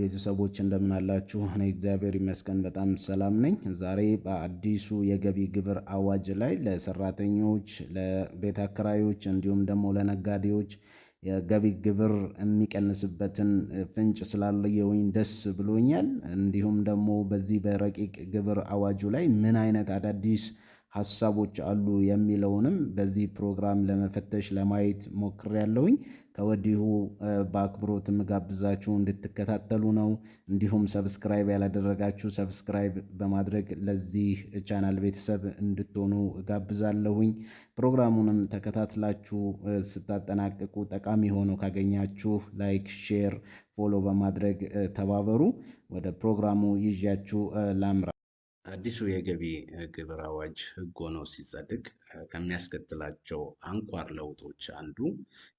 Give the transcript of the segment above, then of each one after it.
ቤተሰቦች እንደምን አላችሁ? እኔ እግዚአብሔር ይመስገን በጣም ሰላም ነኝ። ዛሬ በአዲሱ የገቢ ግብር አዋጅ ላይ ለሰራተኞች፣ ለቤት አከራዮች እንዲሁም ደግሞ ለነጋዴዎች የገቢ ግብር የሚቀንስበትን ፍንጭ ስላለየውኝ ደስ ብሎኛል። እንዲሁም ደግሞ በዚህ በረቂቅ ግብር አዋጁ ላይ ምን አይነት አዳዲስ ሀሳቦች አሉ የሚለውንም በዚህ ፕሮግራም ለመፈተሽ ለማየት ሞክር ያለውኝ ከወዲሁ በአክብሮት የምጋብዛችሁ እንድትከታተሉ ነው። እንዲሁም ሰብስክራይብ ያላደረጋችሁ ሰብስክራይብ በማድረግ ለዚህ ቻናል ቤተሰብ እንድትሆኑ እጋብዛለሁኝ። ፕሮግራሙንም ተከታትላችሁ ስታጠናቅቁ ጠቃሚ ሆኖ ካገኛችሁ ላይክ፣ ሼር፣ ፎሎ በማድረግ ተባበሩ። ወደ ፕሮግራሙ ይዣችሁ ላምራ። አዲሱ የገቢ ግብር አዋጅ ሕግ ሆኖ ሲጸድቅ ከሚያስከትላቸው አንኳር ለውጦች አንዱ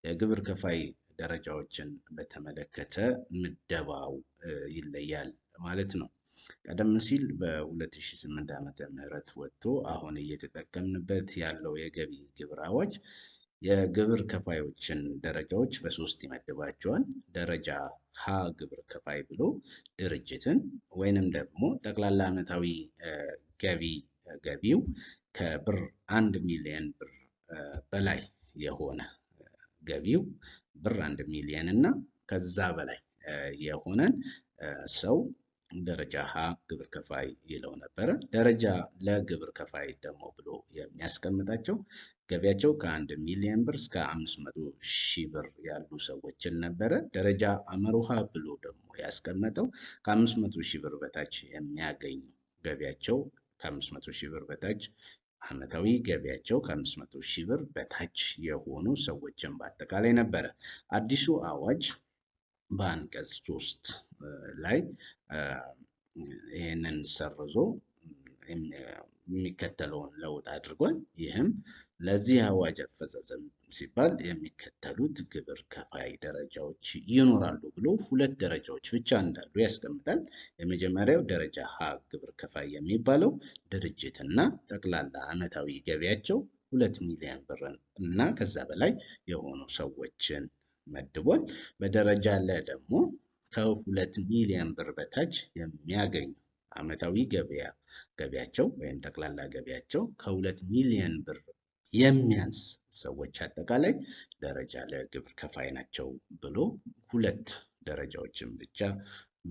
የግብር ከፋይ ደረጃዎችን በተመለከተ ምደባው ይለያል ማለት ነው። ቀደም ሲል በ2008 ዓ.ም ወጥቶ አሁን እየተጠቀምንበት ያለው የገቢ ግብር አዋጅ የግብር ከፋዮችን ደረጃዎች በሶስት ይመድባቸዋል። ደረጃ ሀ ግብር ከፋይ ብሎ ድርጅትን ወይንም ደግሞ ጠቅላላ ዓመታዊ ገቢ ገቢው ከብር አንድ ሚሊየን ብር በላይ የሆነ ገቢው ብር አንድ ሚሊየን እና ከዛ በላይ የሆነን ሰው ደረጃ ሀ ግብር ከፋይ ይለው ነበረ። ደረጃ ለግብር ከፋይ ደግሞ ብሎ የሚያስቀምጣቸው ገቢያቸው ከአንድ ሚሊዮን ብር እስከ አምስት መቶ ሺህ ብር ያሉ ሰዎችን ነበረ። ደረጃ አመሩሃ ብሎ ደግሞ ያስቀመጠው ከአምስት መቶ ሺህ ብር በታች የሚያገኝ ገቢያቸው ከአምስት መቶ ሺህ ብር በታች አመታዊ ገቢያቸው ከ500 ሺህ ብር በታች የሆኑ ሰዎችን በአጠቃላይ ነበረ። አዲሱ አዋጅ በአንቀጽ ሶስት ላይ ይህንን ሰርዞ የሚከተለውን ለውጥ አድርጓል። ይህም ለዚህ አዋጅ አፈጻጸም ሲባል የሚከተሉት ግብር ከፋይ ደረጃዎች ይኖራሉ ብሎ ሁለት ደረጃዎች ብቻ እንዳሉ ያስቀምጣል። የመጀመሪያው ደረጃ ሀ ግብር ከፋይ የሚባለው ድርጅትና ጠቅላላ ዓመታዊ ገቢያቸው ሁለት ሚሊዮን ብርን እና ከዛ በላይ የሆኑ ሰዎችን መድቧል። በደረጃ ለ ደግሞ ከሁለት ሚሊዮን ብር በታች የሚያገኙ ዓመታዊ ገበያ ገቢያቸው ወይም ጠቅላላ ገቢያቸው ከሁለት ሚሊዮን ብር የሚያንስ ሰዎች አጠቃላይ ደረጃ ለግብር ከፋይ ናቸው ብሎ ሁለት ደረጃዎችን ብቻ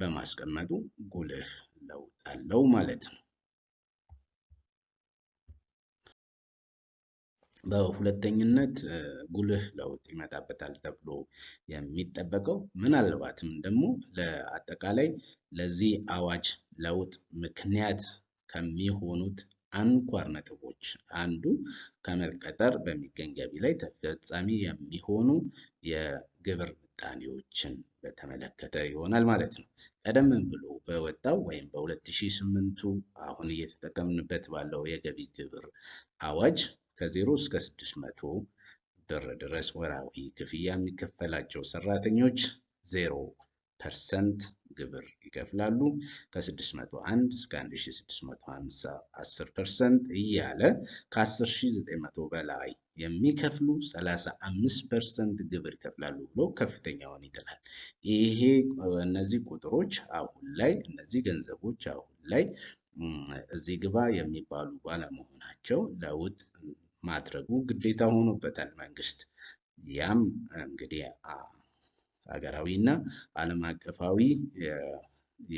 በማስቀመጡ ጉልህ ለውጥ አለው ማለት ነው። በሁለተኝነት ጉልህ ለውጥ ይመጣበታል ተብሎ የሚጠበቀው ምናልባትም ደግሞ ለአጠቃላይ ለዚህ አዋጅ ለውጥ ምክንያት ከሚሆኑት አንኳር ነጥቦች አንዱ ከመቀጠር በሚገኝ ገቢ ላይ ተፈጻሚ የሚሆኑ የግብር ምጣኔዎችን በተመለከተ ይሆናል ማለት ነው። ቀደም ብሎ በወጣው ወይም በ208ቱ አሁን እየተጠቀምንበት ባለው የገቢ ግብር አዋጅ ከ0 እስከ 600 ብር ድረስ ወራዊ ክፍያ የሚከፈላቸው ሰራተኞች 0 ፐርሰንት ግብር ይከፍላሉ። ከ601 እስከ 1650 ፐርሰንት እያለ ከ10900 በላይ የሚከፍሉ 35 ፐርሰንት ግብር ይከፍላሉ ብሎ ከፍተኛውን ይጥላል። ይሄ እነዚህ ቁጥሮች አሁን ላይ እነዚህ ገንዘቦች አሁን ላይ እዚህ ግባ የሚባሉ ባለመሆናቸው ለውጥ ማድረጉ ግዴታ ሆኖበታል መንግስት። ያም እንግዲህ ሀገራዊ እና ዓለም አቀፋዊ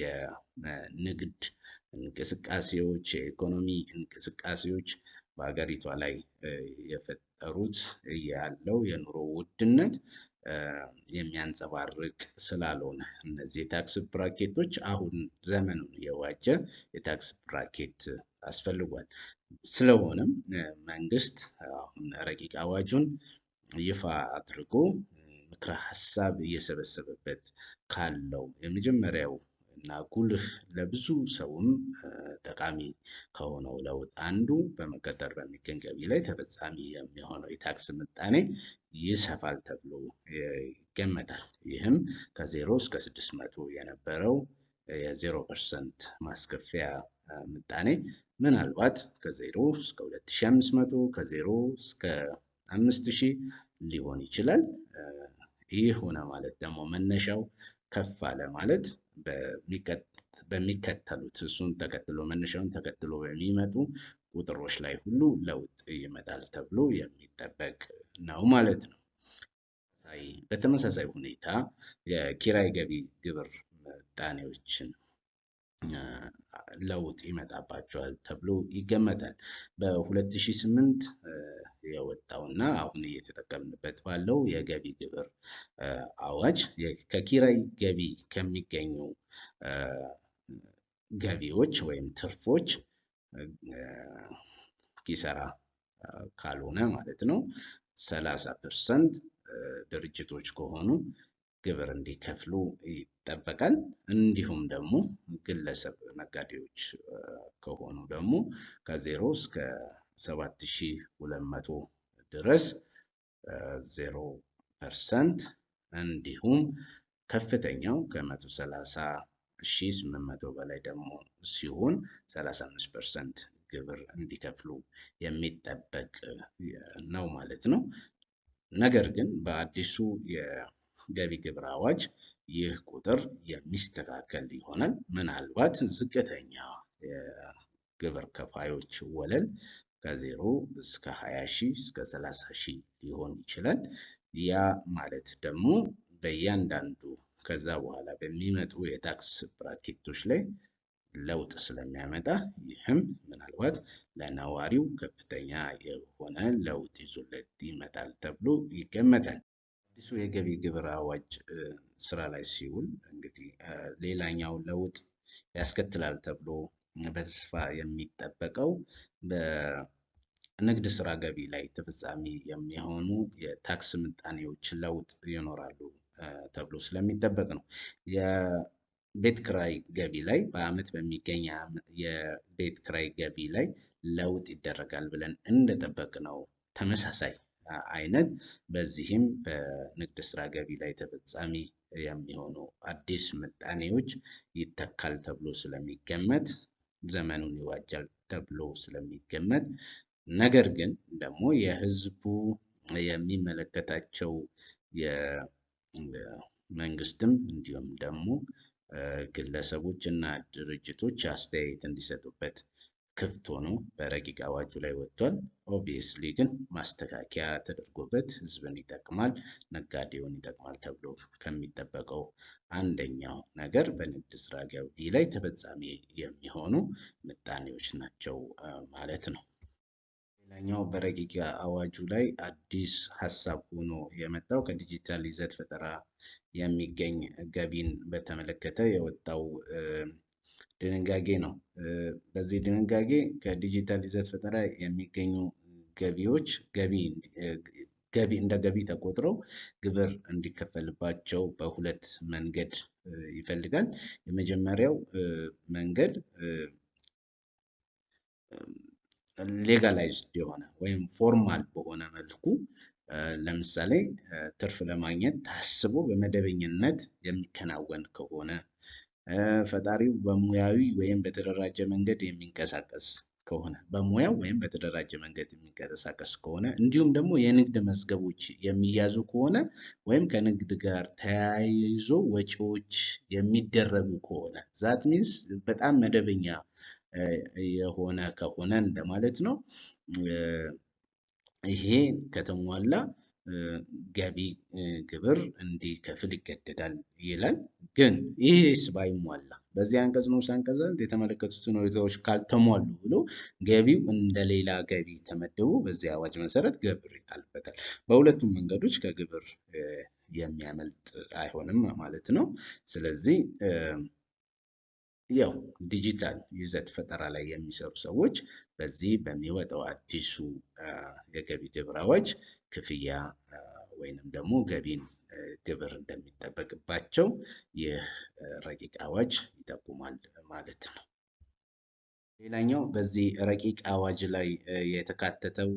የንግድ እንቅስቃሴዎች የኢኮኖሚ እንቅስቃሴዎች በሀገሪቷ ላይ የፈጠሩት ያለው የኑሮ ውድነት የሚያንጸባርቅ ስላልሆነ እነዚህ የታክስ ብራኬቶች አሁን ዘመኑን የዋጀ የታክስ ብራኬት አስፈልጓል። ስለሆነም መንግስት አሁን ረቂቅ አዋጁን ይፋ አድርጎ ምክረ ሀሳብ እየሰበሰበበት ካለው የመጀመሪያው እና ጉልህ ለብዙ ሰውም ጠቃሚ ከሆነው ለውጥ አንዱ በመቀጠር በሚገኝ ገቢ ላይ ተፈጻሚ የሚሆነው የታክስ ምጣኔ ይሰፋል ተብሎ ይገመታል። ይህም ከዜሮ እስከ ስድስት መቶ የነበረው የዜሮ ፐርሰንት ማስከፊያ ምጣኔ ምናልባት ከዜሮ እስከ መቶ ከዜሮ እስከ ሺ ሊሆን ይችላል። ይህ ሆነ ማለት ደግሞ መነሻው ከፍ አለ ማለት በሚከተሉት እሱን ተከትሎ መነሻውን ተከትሎ በሚመጡ ቁጥሮች ላይ ሁሉ ለውጥ ይመጣል ተብሎ የሚጠበቅ ነው ማለት ነው። በተመሳሳይ ሁኔታ የኪራይ ገቢ ግብር ምጣኔዎችን ለውጥ ይመጣባቸዋል ተብሎ ይገመታል። በ2008 የወጣውና አሁን እየተጠቀምንበት ባለው የገቢ ግብር አዋጅ ከኪራይ ገቢ ከሚገኙ ገቢዎች ወይም ትርፎች ኪሰራ ካልሆነ ማለት ነው ሰላሳ ፐርሰንት ድርጅቶች ከሆኑ ግብር እንዲከፍሉ ይጠበቃል። እንዲሁም ደግሞ ግለሰብ ነጋዴዎች ከሆኑ ደግሞ ከዜሮ እስከ ሰባት ሺህ ሁለት መቶ ድረስ ዜሮ ፐርሰንት እንዲሁም ከፍተኛው ከመቶ ሰላሳ ሺህ ስምንት መቶ በላይ ደግሞ ሲሆን ሰላሳ አምስት ፐርሰንት ግብር እንዲከፍሉ የሚጠበቅ ነው ማለት ነው። ነገር ግን በአዲሱ ገቢ ግብር አዋጅ ይህ ቁጥር የሚስተካከል ይሆናል። ምናልባት ዝቅተኛ የግብር ከፋዮች ወለል ከዜሮ እስከ 20 ሺህ እስከ 30 ሺህ ሊሆን ይችላል። ያ ማለት ደግሞ በእያንዳንዱ ከዛ በኋላ በሚመጡ የታክስ ብራኬቶች ላይ ለውጥ ስለሚያመጣ ይህም ምናልባት ለነዋሪው ከፍተኛ የሆነ ለውጥ ይዞለት ይመጣል ተብሎ ይገመታል። አዲሱ የገቢ ግብር አዋጅ ስራ ላይ ሲውል እንግዲህ ሌላኛው ለውጥ ያስከትላል ተብሎ በተስፋ የሚጠበቀው በንግድ ስራ ገቢ ላይ ተፈጻሚ የሚሆኑ የታክስ ምጣኔዎች ለውጥ ይኖራሉ ተብሎ ስለሚጠበቅ ነው። የቤት ክራይ ገቢ ላይ በአመት በሚገኝ የቤት ክራይ ገቢ ላይ ለውጥ ይደረጋል ብለን እንደጠበቅ ነው ተመሳሳይ አይነት በዚህም በንግድ ስራ ገቢ ላይ ተፈጻሚ የሚሆኑ አዲስ ምጣኔዎች ይተካል ተብሎ ስለሚገመት ዘመኑን ይዋጃል ተብሎ ስለሚገመት ነገር ግን ደግሞ የህዝቡ የሚመለከታቸው መንግስትም እንዲሁም ደግሞ ግለሰቦች እና ድርጅቶች አስተያየት እንዲሰጡበት ክፍት ሆኖ በረቂቅ አዋጁ ላይ ወጥቷል። ኦብቪየስሊ ግን ማስተካከያ ተደርጎበት ህዝብን ይጠቅማል፣ ነጋዴውን ይጠቅማል ተብሎ ከሚጠበቀው አንደኛው ነገር በንግድ ስራ ገቢ ላይ ተፈጻሚ የሚሆኑ ምጣኔዎች ናቸው ማለት ነው። ሌላኛው በረቂቅ አዋጁ ላይ አዲስ ሀሳብ ሆኖ የመጣው ከዲጂታል ይዘት ፈጠራ የሚገኝ ገቢን በተመለከተ የወጣው ድንጋጌ ነው። በዚህ ድንጋጌ ከዲጂታል ይዘት ፈጠራ የሚገኙ ገቢዎች ገቢ እንደ ገቢ ተቆጥረው ግብር እንዲከፈልባቸው በሁለት መንገድ ይፈልጋል። የመጀመሪያው መንገድ ሌጋላይዝድ የሆነ ወይም ፎርማል በሆነ መልኩ ለምሳሌ ትርፍ ለማግኘት ታስቦ በመደበኝነት የሚከናወን ከሆነ ፈጣሪው በሙያዊ ወይም በተደራጀ መንገድ የሚንቀሳቀስ ከሆነ በሙያው ወይም በተደራጀ መንገድ የሚንቀሳቀስ ከሆነ እንዲሁም ደግሞ የንግድ መዝገቦች የሚያዙ ከሆነ ወይም ከንግድ ጋር ተያይዞ ወጪዎች የሚደረጉ ከሆነ ዛት ሚንስ በጣም መደበኛ የሆነ ከሆነ እንደማለት ነው። ይሄ ከተሟላ ገቢ ግብር እንዲከፍል ይገደዳል ይላል። ግን ይህስ ባይሟላ በዚህ አንቀጽ ንዑስ አንቀጽ የተመለከቱትን ሁኔታዎች ካልተሟሉ ብሎ ገቢው እንደ ሌላ ገቢ ተመድቦ በዚህ አዋጅ መሰረት ግብር ይጣልበታል። በሁለቱም መንገዶች ከግብር የሚያመልጥ አይሆንም ማለት ነው። ስለዚህ ያው ዲጂታል ይዘት ፈጠራ ላይ የሚሰሩ ሰዎች በዚህ በሚወጣው አዲሱ የገቢ ግብር አዋጅ ክፍያ ወይንም ደግሞ ገቢን ግብር እንደሚጠበቅባቸው ይህ ረቂቅ አዋጅ ይጠቁማል ማለት ነው። ሌላኛው በዚህ ረቂቅ አዋጅ ላይ የተካተተው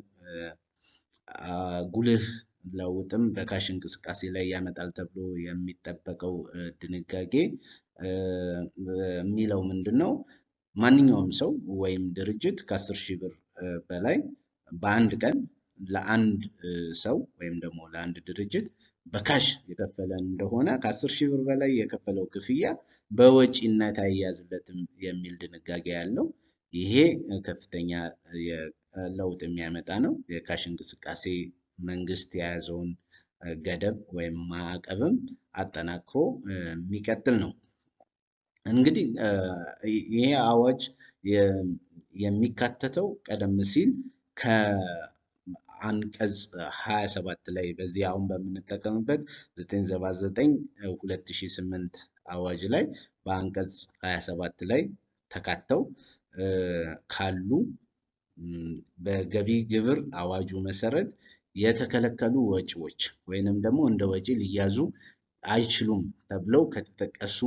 ጉልህ ለውጥም በካሽ እንቅስቃሴ ላይ ያመጣል ተብሎ የሚጠበቀው ድንጋጌ የሚለው ምንድን ነው? ማንኛውም ሰው ወይም ድርጅት ከአስር ሺህ ብር በላይ በአንድ ቀን ለአንድ ሰው ወይም ደግሞ ለአንድ ድርጅት በካሽ የከፈለ እንደሆነ ከአስር ሺህ ብር በላይ የከፈለው ክፍያ በወጪነት አይያዝለትም የሚል ድንጋጌ ያለው ይሄ ከፍተኛ ለውጥ የሚያመጣ ነው። የካሽ እንቅስቃሴ መንግስት የያዘውን ገደብ ወይም ማዕቀብም አጠናክሮ የሚቀጥል ነው። እንግዲህ ይሄ አዋጅ የሚካተተው ቀደም ሲል ከአንቀጽ 27 ላይ በዚህ አሁን በምንጠቀምበት 979 2008 አዋጅ ላይ በአንቀጽ 27 ላይ ተካተው ካሉ በገቢ ግብር አዋጁ መሰረት የተከለከሉ ወጪዎች ወይንም ደግሞ እንደ ወጪ ሊያዙ አይችሉም ተብለው ከተጠቀሱ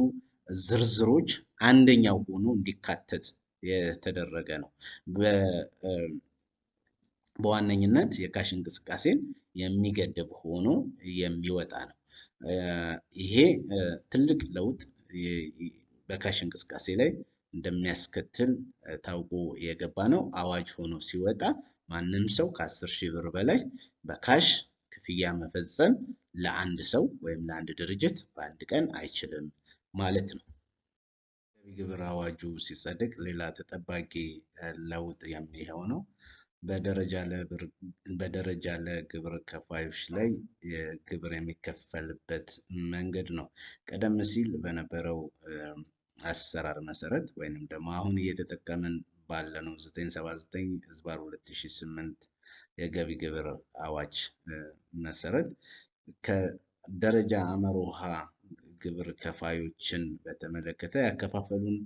ዝርዝሮች አንደኛው ሆኖ እንዲካተት የተደረገ ነው። በዋነኝነት የካሽ እንቅስቃሴን የሚገድብ ሆኖ የሚወጣ ነው። ይሄ ትልቅ ለውጥ በካሽ እንቅስቃሴ ላይ እንደሚያስከትል ታውቆ የገባ ነው። አዋጅ ሆኖ ሲወጣ ማንም ሰው ከአስር ሺህ ብር በላይ በካሽ ክፍያ መፈጸም ለአንድ ሰው ወይም ለአንድ ድርጅት በአንድ ቀን አይችልም። ማለት ነው። ግብር አዋጁ ሲጸድቅ ሌላ ተጠባቂ ለውጥ የሚሆነው በደረጃ ለግብር ከፋዮች ላይ ግብር የሚከፈልበት መንገድ ነው። ቀደም ሲል በነበረው አሰራር መሰረት ወይንም ደግሞ አሁን እየተጠቀምን ባለነው 979 ህዝባር 2008 የገቢ ግብር አዋጅ መሰረት ከደረጃ አመሮሃ ግብር ከፋዮችን በተመለከተ ያከፋፈሉን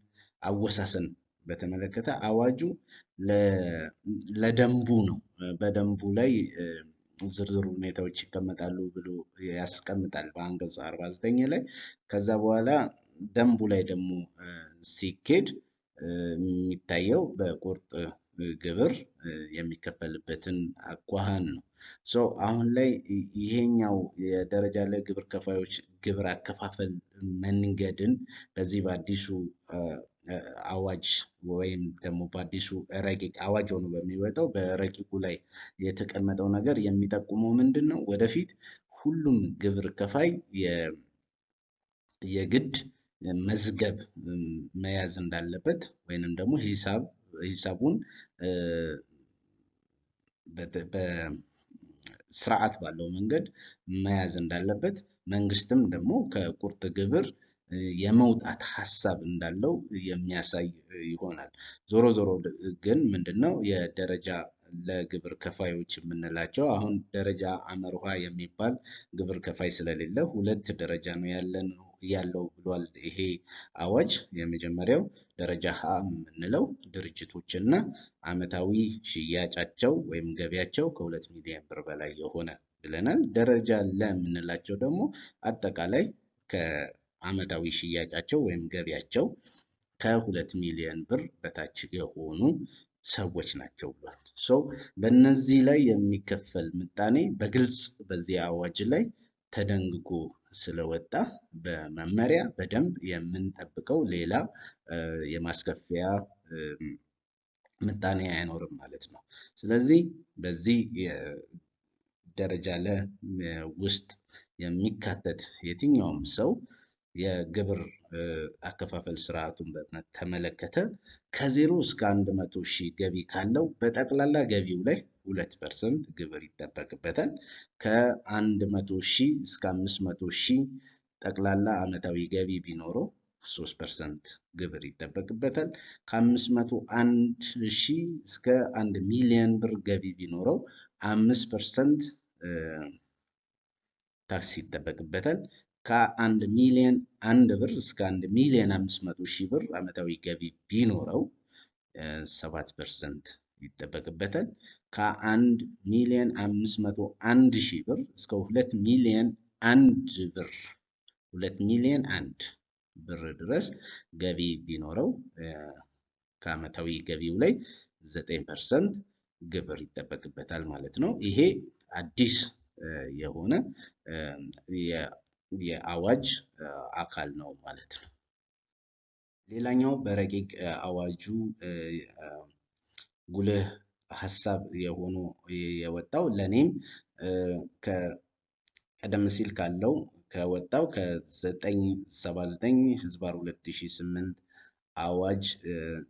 አወሳሰን በተመለከተ አዋጁ ለደንቡ ነው። በደንቡ ላይ ዝርዝር ሁኔታዎች ይቀመጣሉ ብሎ ያስቀምጣል በአንቀጽ 49 ላይ። ከዛ በኋላ ደንቡ ላይ ደግሞ ሲኬድ የሚታየው በቁርጥ ግብር የሚከፈልበትን አኳኋን ነው። ሶ አሁን ላይ ይሄኛው የደረጃ ላይ ግብር ከፋዮች ግብር አከፋፈል መንገድን በዚህ በአዲሱ አዋጅ ወይም ደግሞ በአዲሱ ረቂቅ አዋጅ ሆኖ በሚወጣው በረቂቁ ላይ የተቀመጠው ነገር የሚጠቁመው ምንድን ነው? ወደፊት ሁሉም ግብር ከፋይ የግድ መዝገብ መያዝ እንዳለበት ወይንም ደግሞ ሂሳብ ሂሳቡን በስርዓት ባለው መንገድ መያዝ እንዳለበት መንግስትም ደግሞ ከቁርጥ ግብር የመውጣት ሀሳብ እንዳለው የሚያሳይ ይሆናል። ዞሮ ዞሮ ግን ምንድነው የደረጃ ለግብር ከፋዮች የምንላቸው አሁን ደረጃ አመርሃ የሚባል ግብር ከፋይ ስለሌለ ሁለት ደረጃ ነው ያለን ያለው ብሏል። ይሄ አዋጅ የመጀመሪያው ደረጃ ሀ የምንለው ድርጅቶችና አመታዊ ሽያጫቸው ወይም ገቢያቸው ከሁለት ሚሊዮን ብር በላይ የሆነ ብለናል። ደረጃ ለምንላቸው የምንላቸው ደግሞ አጠቃላይ ከአመታዊ ሽያጫቸው ወይም ገቢያቸው ከሁለት ሚሊዮን ብር በታች የሆኑ ሰዎች ናቸው ብሏል። ሰው በእነዚህ ላይ የሚከፈል ምጣኔ በግልጽ በዚህ አዋጅ ላይ ተደንግጎ ስለወጣ በመመሪያ በደንብ የምንጠብቀው ሌላ የማስከፊያ ምጣኔ አይኖርም ማለት ነው። ስለዚህ በዚህ ደረጃ ለ ውስጥ የሚካተት የትኛውም ሰው የግብር አከፋፈል ስርዓቱን በተመለከተ ከዜሮ እስከ አንድ መቶ ሺህ ገቢ ካለው በጠቅላላ ገቢው ላይ ሁለት ፐርሰንት ግብር ይጠበቅበታል። ከአንድ መቶ ሺህ እስከ አምስት መቶ ሺህ ጠቅላላ አመታዊ ገቢ ቢኖረው ሶስት ፐርሰንት ግብር ይጠበቅበታል። ከአምስት መቶ አንድ ሺህ እስከ አንድ ሚሊዮን ብር ገቢ ቢኖረው አምስት ፐርሰንት ታክስ ይጠበቅበታል። ከአንድ ሚሊዮን አንድ ብር እስከ አንድ ሚሊዮን አምስት መቶ ሺህ ብር ዓመታዊ ገቢ ቢኖረው ሰባት ፐርሰንት ይጠበቅበታል። ከአንድ ሚሊዮን አምስት መቶ አንድ ሺህ ብር እስከ ሁለት ሚሊዮን አንድ ብር ሁለት ሚሊዮን አንድ ብር ድረስ ገቢ ቢኖረው ከዓመታዊ ገቢው ላይ ዘጠኝ ፐርሰንት ግብር ይጠበቅበታል ማለት ነው። ይሄ አዲስ የሆነ የአዋጅ አካል ነው ማለት ነው። ሌላኛው በረቂቅ አዋጁ ጉልህ ሀሳብ የሆኑ የወጣው ለእኔም ቀደም ሲል ካለው ከወጣው ከ979 ህዝባር 2008 አዋጅ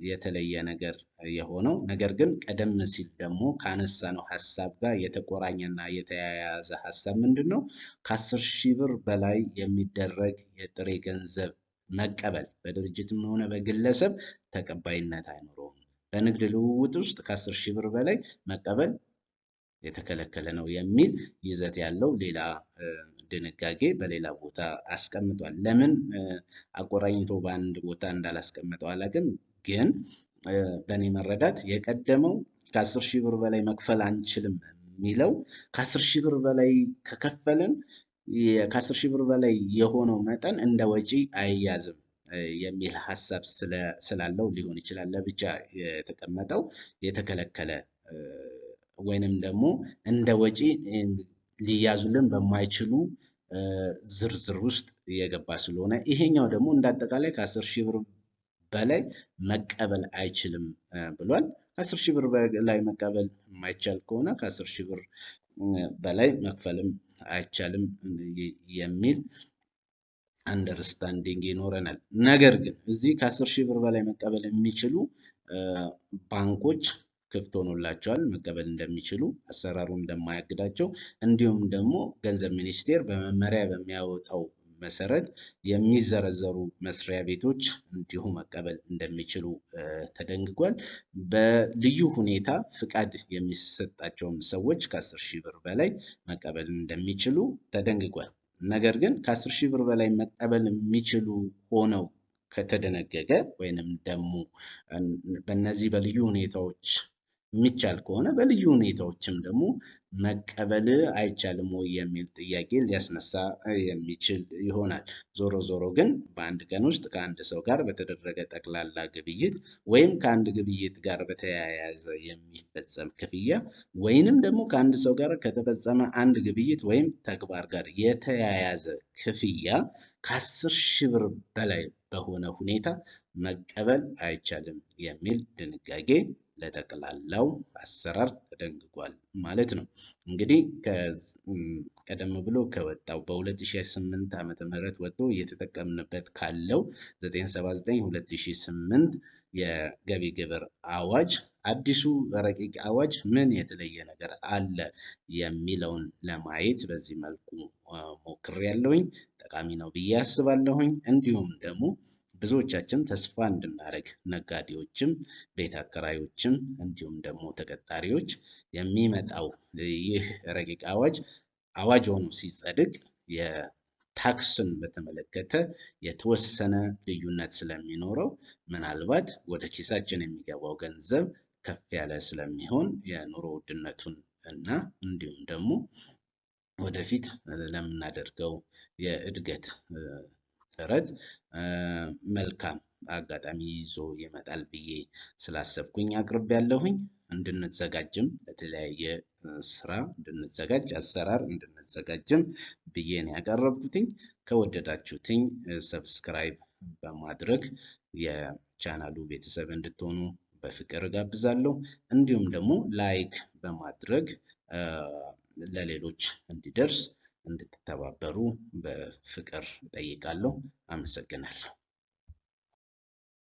የተለየ ነገር የሆነው ነገር ግን ቀደም ሲል ደግሞ ካነሳነው ሀሳብ ጋር የተቆራኘና የተያያዘ ሀሳብ ምንድን ነው? ከአስር ሺህ ብር በላይ የሚደረግ የጥሬ ገንዘብ መቀበል በድርጅትም ሆነ በግለሰብ ተቀባይነት አይኖረውም። በንግድ ልውውጥ ውስጥ ከአስር ሺህ ብር በላይ መቀበል የተከለከለ ነው የሚል ይዘት ያለው ሌላ ድንጋጌ በሌላ ቦታ አስቀምጧል። ለምን አቆራኝቶ በአንድ ቦታ እንዳላስቀመጠው አላውቅም። ግን በእኔ መረዳት የቀደመው ከአስር ሺህ ብር በላይ መክፈል አንችልም የሚለው ከአስር ሺህ ብር በላይ ከከፈልን ከአስር ሺህ ብር በላይ የሆነው መጠን እንደ ወጪ አይያዝም የሚል ሀሳብ ስላለው ሊሆን ይችላል። ለብቻ የተቀመጠው የተከለከለ ወይንም ደግሞ እንደ ወጪ ሊያዙልን በማይችሉ ዝርዝር ውስጥ የገባ ስለሆነ ይሄኛው ደግሞ እንዳጠቃላይ ከአስር ሺህ ብር በላይ መቀበል አይችልም ብሏል። ከአስር ሺህ ብር በላይ መቀበል የማይቻል ከሆነ ከአስር ሺህ ብር በላይ መክፈልም አይቻልም የሚል አንደርስታንዲንግ ይኖረናል። ነገር ግን እዚህ ከአስር ሺህ ብር በላይ መቀበል የሚችሉ ባንኮች ክፍት ሆኖላቸዋል መቀበል እንደሚችሉ አሰራሩ እንደማያግዳቸው እንዲሁም ደግሞ ገንዘብ ሚኒስቴር በመመሪያ በሚያወጣው መሰረት የሚዘረዘሩ መስሪያ ቤቶች እንዲሁ መቀበል እንደሚችሉ ተደንግጓል። በልዩ ሁኔታ ፍቃድ የሚሰጣቸውም ሰዎች ከአስር ሺህ ብር በላይ መቀበል እንደሚችሉ ተደንግጓል። ነገር ግን ከአስር ሺህ ብር በላይ መቀበል የሚችሉ ሆነው ከተደነገገ ወይንም ደግሞ በነዚህ በልዩ ሁኔታዎች የሚቻል ከሆነ በልዩ ሁኔታዎችም ደግሞ መቀበል አይቻልም ወይ የሚል ጥያቄ ሊያስነሳ የሚችል ይሆናል። ዞሮ ዞሮ ግን በአንድ ቀን ውስጥ ከአንድ ሰው ጋር በተደረገ ጠቅላላ ግብይት ወይም ከአንድ ግብይት ጋር በተያያዘ የሚፈጸም ክፍያ ወይንም ደግሞ ከአንድ ሰው ጋር ከተፈጸመ አንድ ግብይት ወይም ተግባር ጋር የተያያዘ ክፍያ ከአስር ሺህ ብር በላይ በሆነ ሁኔታ መቀበል አይቻልም የሚል ድንጋጌ ለጠቅላላው አሰራር ተደንግጓል ማለት ነው። እንግዲህ ቀደም ብሎ ከወጣው በ2008 ዓ ም ወጥቶ እየተጠቀምንበት ካለው 979/2008 የገቢ ግብር አዋጅ አዲሱ ረቂቅ አዋጅ ምን የተለየ ነገር አለ የሚለውን ለማየት በዚህ መልኩ ሞክሬያለሁኝ። ጠቃሚ ነው ብዬ አስባለሁኝ። እንዲሁም ደግሞ ብዙዎቻችን ተስፋ እንድናደርግ ነጋዴዎችም ቤት አከራዮችም እንዲሁም ደግሞ ተቀጣሪዎች የሚመጣው ይህ ረቂቅ አዋጅ አዋጅ ሆኖ ሲጸድቅ የታክስን በተመለከተ የተወሰነ ልዩነት ስለሚኖረው ምናልባት ወደ ኪሳችን የሚገባው ገንዘብ ከፍ ያለ ስለሚሆን የኑሮ ውድነቱን እና እንዲሁም ደግሞ ወደፊት ለምናደርገው የእድገት ጥረት መልካም አጋጣሚ ይዞ ይመጣል ብዬ ስላሰብኩኝ አቅርብ ያለሁኝ እንድንዘጋጅም ለተለያየ ስራ እንድንዘጋጅ አሰራር እንድንዘጋጅም ብዬ ነው ያቀረብኩትኝ። ከወደዳችሁትኝ ሰብስክራይብ በማድረግ የቻናሉ ቤተሰብ እንድትሆኑ በፍቅር ጋብዛለሁ። እንዲሁም ደግሞ ላይክ በማድረግ ለሌሎች እንዲደርስ እንድትተባበሩ በፍቅር እጠይቃለሁ። አመሰግናለሁ።